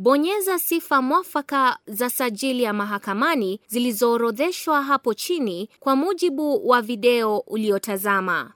Bonyeza sifa mwafaka za sajili ya mahakamani zilizoorodheshwa hapo chini kwa mujibu wa video uliotazama.